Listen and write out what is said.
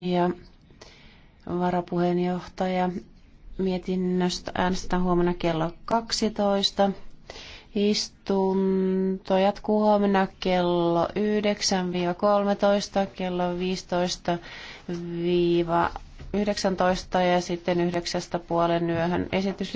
ja varapuheenjohtaja. Mietinnöstä äänestetään huomenna kello 12. Istunto jatkuu huomenna kello 9-13, kello 15-19 ja sitten 9 puolen yöhön esitys.